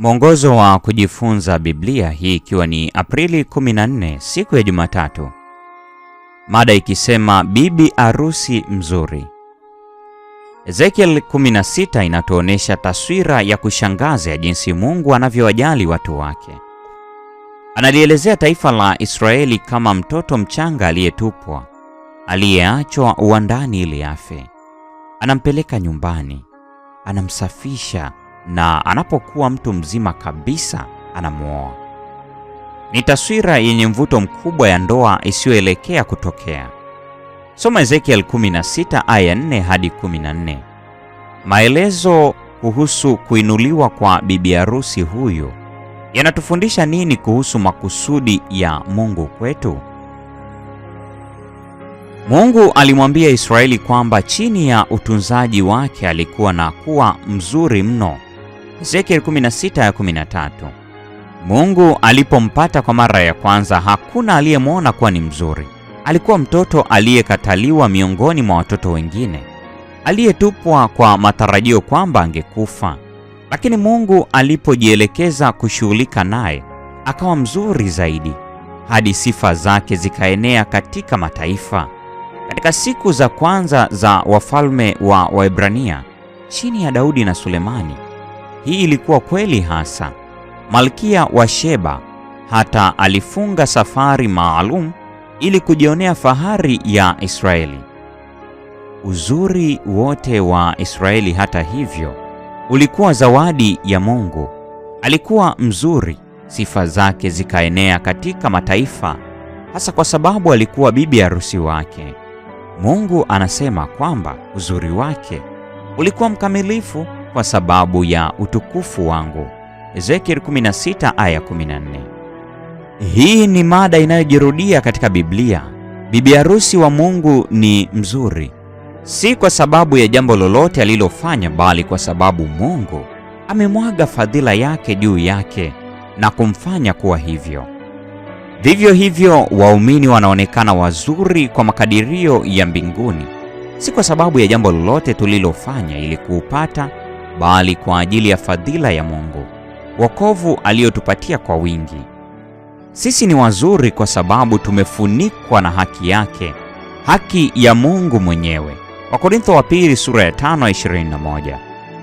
Mwongozo wa kujifunza Biblia, hii ikiwa ni Aprili 14, siku ya Jumatatu, mada ikisema bibi arusi mzuri. Ezekiel 16 inatuonesha taswira ya kushangaza ya jinsi Mungu anavyowajali watu wake. Analielezea taifa la Israeli kama mtoto mchanga aliyetupwa, aliyeachwa uwandani ili afe. Anampeleka nyumbani, anamsafisha na anapokuwa mtu mzima kabisa anamwoa. Ni taswira yenye mvuto mkubwa ya ndoa isiyoelekea kutokea. Soma Ezekiel 16 aya 4 hadi 14. Maelezo kuhusu kuinuliwa kwa bibi harusi huyu yanatufundisha nini kuhusu makusudi ya Mungu kwetu? Mungu alimwambia Israeli kwamba chini ya utunzaji wake alikuwa na kuwa mzuri mno Ezekiel 16:13. Mungu alipompata kwa mara ya kwanza, hakuna aliyemwona kuwa ni mzuri. Alikuwa mtoto aliyekataliwa miongoni mwa watoto wengine, aliyetupwa kwa matarajio kwamba angekufa. Lakini Mungu alipojielekeza kushughulika naye, akawa mzuri zaidi, hadi sifa zake zikaenea katika mataifa. Katika siku za kwanza za wafalme wa Waebrania chini ya Daudi na Sulemani hii ilikuwa kweli hasa. Malkia wa Sheba hata alifunga safari maalum ili kujionea fahari ya Israeli. Uzuri wote wa Israeli, hata hivyo, ulikuwa zawadi ya Mungu. Alikuwa mzuri, sifa zake zikaenea katika mataifa, hasa kwa sababu alikuwa bibi harusi wake. Mungu anasema kwamba uzuri wake ulikuwa mkamilifu kwa sababu ya utukufu wangu. Ezekiel 16 aya 14. Hii ni mada inayojirudia katika Biblia. Bibi harusi wa Mungu ni mzuri, si kwa sababu ya jambo lolote alilofanya, bali kwa sababu Mungu amemwaga fadhila yake juu yake na kumfanya kuwa hivyo. Vivyo hivyo, waumini wanaonekana wazuri kwa makadirio ya mbinguni, si kwa sababu ya jambo lolote tulilofanya ili kuupata bali kwa ajili ya fadhila ya Mungu, wokovu aliyotupatia kwa wingi. Sisi ni wazuri kwa sababu tumefunikwa na haki yake, haki ya Mungu mwenyewe. Wakorintho wa pili sura ya 5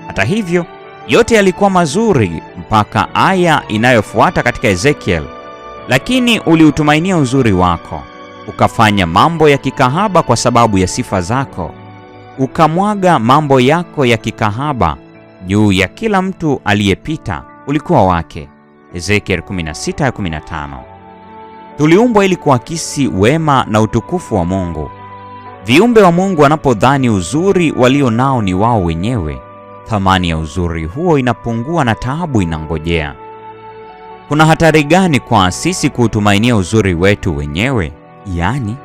Hata hivyo yote yalikuwa mazuri mpaka aya inayofuata katika Ezekiel, lakini uliutumainia uzuri wako, ukafanya mambo ya kikahaba kwa sababu ya sifa zako, ukamwaga mambo yako ya kikahaba juu ya kila mtu aliyepita ulikuwa wake. Ezekiel 16:15. Tuliumbwa ili kuakisi wema na utukufu wa Mungu. Viumbe wa Mungu wanapodhani uzuri walio nao ni wao wenyewe, thamani ya uzuri huo inapungua na taabu inangojea. Kuna hatari gani kwa sisi kuutumainia uzuri wetu wenyewe? Yaani,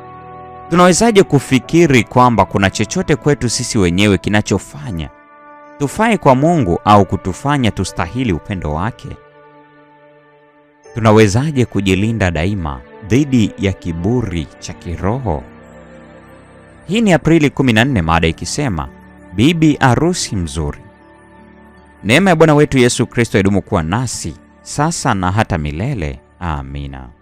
tunawezaje kufikiri kwamba kuna chochote kwetu sisi wenyewe kinachofanya hatufai kwa Mungu au kutufanya tustahili upendo wake? Tunawezaje kujilinda daima dhidi ya kiburi cha kiroho? Hii ni Aprili 14, mada ikisema bibi arusi mzuri. Neema ya Bwana wetu Yesu Kristo idumu kuwa nasi sasa na hata milele. Amina.